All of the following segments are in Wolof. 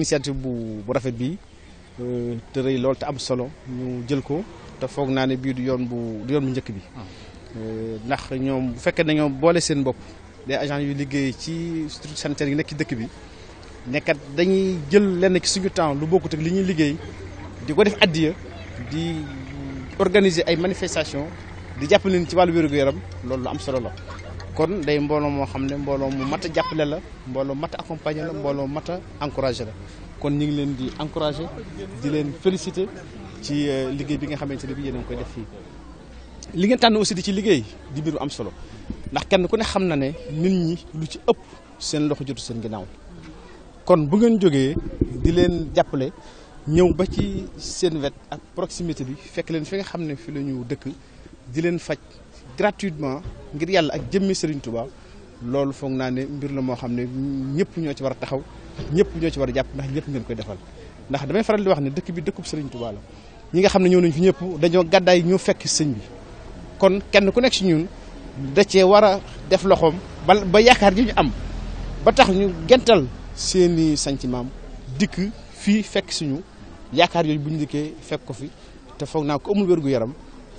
initiative bu bu rafet bi euh, te rëy lool te am solo ñu jël ko te foog naa ne bii du yoon bu du yoon bu njëkk bi. Ah. Euh, ndax ñoom bu fekkee ne ñoom boole seen bopp des agents yu liggéey ci structure sanitaire yi nekk ci dëkk bi nekkat dañuy jël lenn ci suñu temps lu bokkut li ñuy liggéey di ko def addiya di organiser ay manifestations di jàppale ci wàllu wér-gu-yaram loolu lu am solo la. kon day mbooloo moo xam ne mbooloo mu mat a jàppale la mbooloo mat a accompagner la mbooloo mat a encouragé la kon ñu ngi leen di encouragé di leen félicité ci euh, liggéey bi nga xamante ne bi yéen a ngi fii. li ngeen tànn aussi di ci liggéey di mbir am solo ndax kenn ku ne xam na ne nit ñi lu ci ëpp seen loxo jotu seen ginnaaw kon bu ngeen jógee di leen jàppale ñëw ba ci seen wet ak proximité bi fekk leen fi nga xam ne fi la ñu dëkk di leen faj gratuitement. ngir yàlla ak jëmmi Serigne Touba loolu foog naa ne mbir la moo xam ne ñëpp ñoo ci war a taxaw ñëpp ñoo ci war a jàpp ndax ñëpp ngeen koy defal ndax damay faral di wax ne dëkk bi dëkkub Serigne Touba la ñi nga xam ne ñëw nañ fi ñëpp dañoo gàddaay ñoo fekk sëñ bi kon kenn ku nekk si ñu da cee war a def loxoom ba ba yaakaar ji ñu am ba tax ñu gental seeni sanc maam dikk fii fekk suñu yaakaar yooyu bu ñu dikkee fekk ko fi te foog naa ko amul wér yaram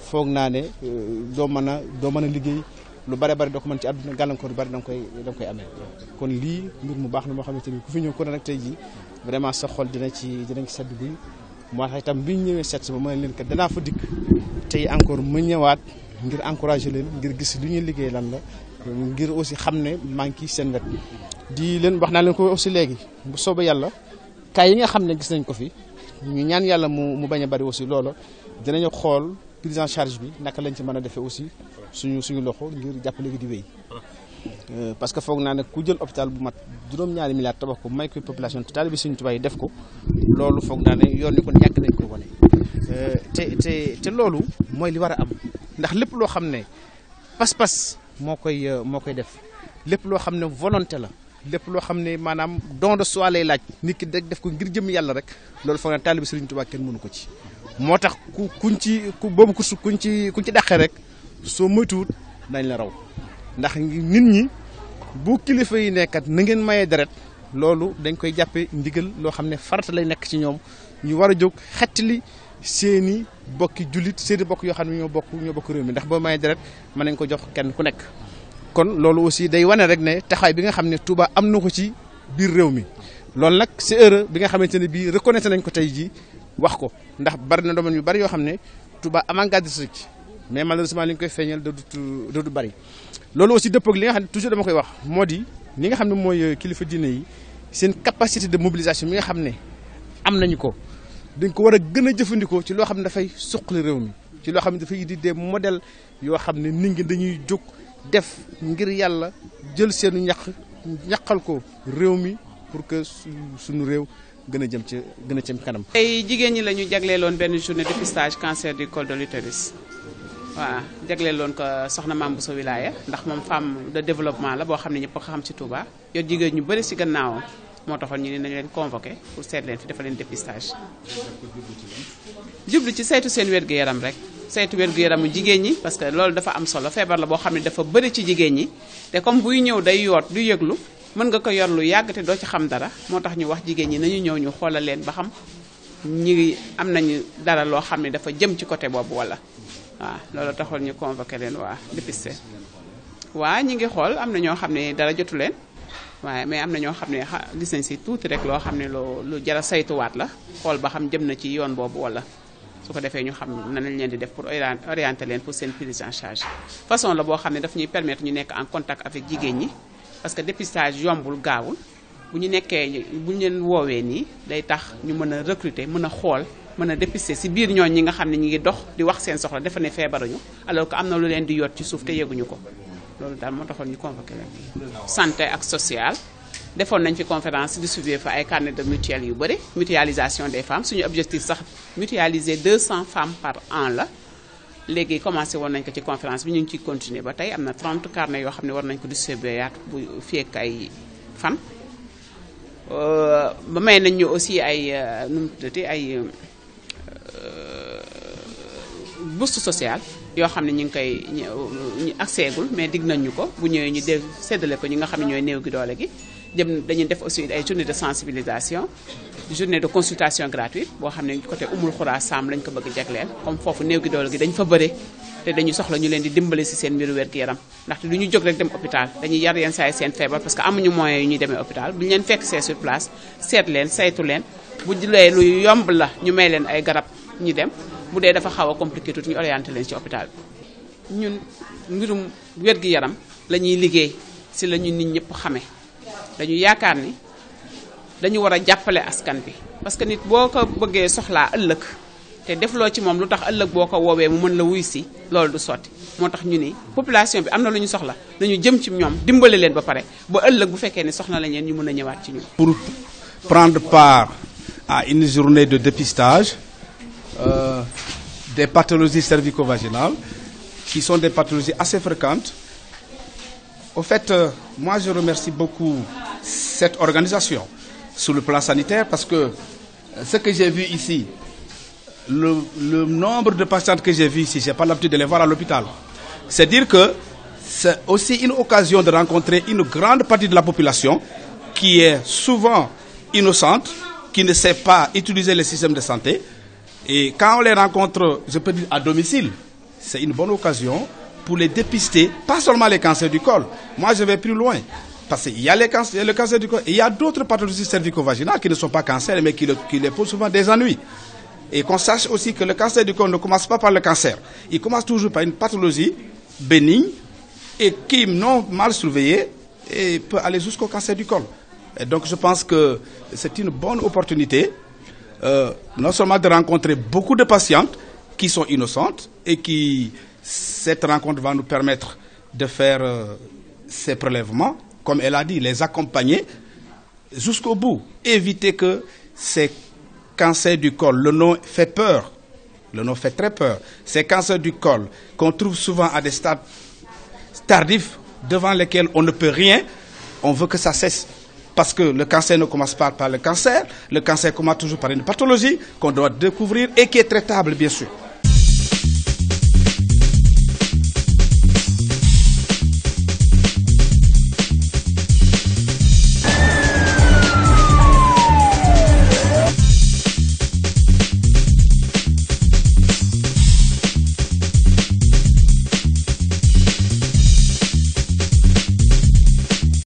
foog naa ne euh, doo mën a doo mën a liggéey lu bare bari doo ko mën ci àdduna gàllankoor lu bari da koy da nga koy amee kon lii mbir mu baax na moo xamante ni ku fi ñëw ku ne vraiment sa xol dina ci dina ci sedd guy moo itam bi ñu ñëwee seet si ba mën leen kat danaa fa dikk tey encore mu ñëwaat ngir encourager leen ngir gis li ñuy liggéey lan la ngir aussi xam ne manqué seen wet di leen wax naa leen ko aussi léegi bu soobee yàlla kaay yi nga xam ne gis nañ ko fi ñu ñaan yàlla mu mu bañ a bari aussi loola dinañu xool prise charge bi naka lañ ci mën a defee aussi suñu suñu loxo ngir jàppale gi di wéy euh, parce que foog naa ne ku jël hôpital bu mat juróom-ñaari milliards tabax ko may ko population totale bi suñu tubaab yi def ko loolu foog naa ne yoon ni kon yàgg nañ ko wane euh, te te te loolu mooy li war a am ndax lépp loo xam ne pas-pas moo koy euh, moo koy def lépp loo xam ne volonté la lépp loo xam ne maanaam don de soi laaj nit ki def ko ngir jëm yàlla rek loolu foog naa taalibi Sëriñ Tuubaa kenn mënu ko ci moo tax ku kuñ ci ku boobu kuñ ci kuñ ci dàqee rek soo moytuwut dañ la raw ndax nit ñi bu kilifa yi nekkat na ngeen mayee deret loolu dañ koy jàppee ndigal loo xam ne farata lay nekk ci ñoom ñu war a jóg xettali seeni bokki jullit seeni bokk yoo xam ne ñoo bokk bokk réew mi ndax boo mayee deret mën nañ ko jox kenn ku nekk kon loolu aussi day wane rek ne taxawaay bi nga xam ne Touba am na ko ci biir réew mi loolu nag c'est heureux bi nga xamante ne bii reconnaître nañ ko tey jii wax ko ndax bari na domaine yu bari yoo xam ne tubaa avant-gardiste ci mais malheureusement li ñu koy feeñal da du da bari loolu aussi dëppoo ak li nga xam ne toujours dama koy wax moo di ni nga xam ne mooy kilifa diine yi seen capacité de mobilisation mi nga xam ne am nañu ko dañ ko war a gën a jëfandikoo ci loo xam ne dafay suqali réew mi ci loo xam ne dafay di des modèles yoo xam ne nit ñi dañuy jóg def ngir yàlla jël seenu ñax ñaqal ko réew mi pour que suñu réew gën a jëm ci gën a jëm kanam. tey jigéen ñi la ñu jagleeloon benn journée dépistage cancer du col de l'utérus waaw jagleel loon ko soxna Mame Bousso Wilaya ndax moom femme de développement la boo xam ne ñëpp ko xam ci Touba yor jigéen ñu bëri ci gannaawam moo taxoon ñu ne leen convoqué pour seet leen fi dafa leen dépistage ci saytu seen wér gu yaram rek saytu wér gu yaramu jigéen ñi parce que loolu dafa am solo feebar boo xam ne dafa bëri ci jigéen ñi te comme buy ñëw day yoot du yëglu mën nga ko yor lu yàgg doo ci xam dara moo tax ñu wax jigéen ñi nañu ñëw ñu xoolal leen ba xam ñi am nañu dara loo xam ne dafa jëm ci côté boobu wala waaw ah, loolu taxoon ñu convoqué leen waa dépisté waa ñi ngi xool am na ñoo xam ne dara jotu leen waaye mais am na ñoo xam ne gis nañ si tuuti rek loo xam ne loo lu jara saytuwaat la xool ba xam jëm na ci yoon boobu wala su ko defee ñu xam na lañ leen di def pour orienter leen pour seen prise en charge façon la boo xam ne daf ñuy permettre ñu nekk en contact avec jigéen ñi parce que dépistage yombul gaawul bu ñu nekkee bu ñu leen woowee nii day tax ñu mën a recruter mën a xool mën a dépister si biir ñooñ ñi nga xam ne ñi ngi dox di wax seen soxla defe ne feebaruñu alors que am na lu leen di yoot ci suuf te yeguñu ko loolu daal moo taxoon ñu convoqué leen santé ak sociale defoon nañ fi conférence distribué fa ay carnet de mutuelle yu bëri mutualisation de femmes suñu objectif sax mutualiser cent femmes par an la léegi commencé woon nañ ko ci conférence bi ñu ngi ciy continuer ba tey am na 30 carnet yoo xam ne war nañ ko distribué yaat bu fekk ay fan euh, ba may nañ ñu aussi ay euh, ay bourse sociale yoo xam ne ñu ngi koy ñu agseegul mais dig nañ ñu ko bu ñëwee ñu dégg séddale ko ñi nga xam ne ñooy néew gi doole gi jëm def aussi dañu soxla ñu leen di dimbale si seen mbiru wér-gu-yaram ndaxte du ñu jóg rek dem hôpital dañuy yar yenn saa yi seen feebar parce que amuñu moyens yu demee hôpital bu ñu leen fekk see sur place seet leen saytu leen bu jëlee lu yomb la ñu may leen ay garab ñu dem bu dee dafa xaw a compliqué tuuti ñu orienté leen ci hôpital bi ñun mbirum wér yaram lañuy liggéey si la ñu nit ñëpp xame dañu yaakaar ni dañu war a jàppale askan bi parce que nit boo ko bëggee soxlaa ëllëg te def loo ci moom lu tax ëllëg boo ko woowee mu mën la wuy si loolu du sotti moo tax ñu ni population bi am na lu ñu soxla nañu jëm ci ñoom dimbali leen ba pare ba ëllëg bu fekkee ne soxla lañ leen ñu mën a ñëwaat ci ñun. pour prendre part à une journée de dépistage. euh, des pathologies cervico-vaginales, qui sont des pathologies assez fréquentes. Au fait, euh, moi je remercie beaucoup cette organisation sur le plan sanitaire parce que euh, ce que j'ai vu ici, le, le, nombre de patientes que j'ai vues ici, je n'ai pas l'habitude de les voir à l'hôpital. que c'est aussi une occasion de rencontrer une grande partie de la population qui est souvent innocente, qui ne sait pas utiliser le système de santé, Et quand on les rencontre, je peux dire à domicile, c'est une bonne occasion pour les dépister, pas seulement les cancers du col. Moi, je vais plus loin. Parce qu'il y a les cancers, le cancer du col, et il y a d'autres pathologies cervico-vaginales qui ne sont pas cancers, mais qui, les posent souvent des ennuis. Et qu'on sache aussi que le cancer du col ne commence pas par le cancer. Il commence toujours par une pathologie bénigne et qui, non mal surveillée, et peut aller jusqu'au cancer du col. Et donc je pense que c'est une bonne opportunité euh, non seulement de rencontrer beaucoup de patientes qui sont innocentes et qui, cette rencontre va nous permettre de faire euh, ces prélèvements, comme elle a dit, les accompagner jusqu'au bout, éviter que ces cancers du col, le nom fait peur, le nom fait très peur, ces cancers du col qu'on trouve souvent à des stades tardifs devant lesquels on ne peut rien, on veut que ça cesse. Parce que le cancer ne commence pas par le cancer, le cancer commence toujours par une pathologie qu'on doit découvrir et qui est traitable, bien sûr.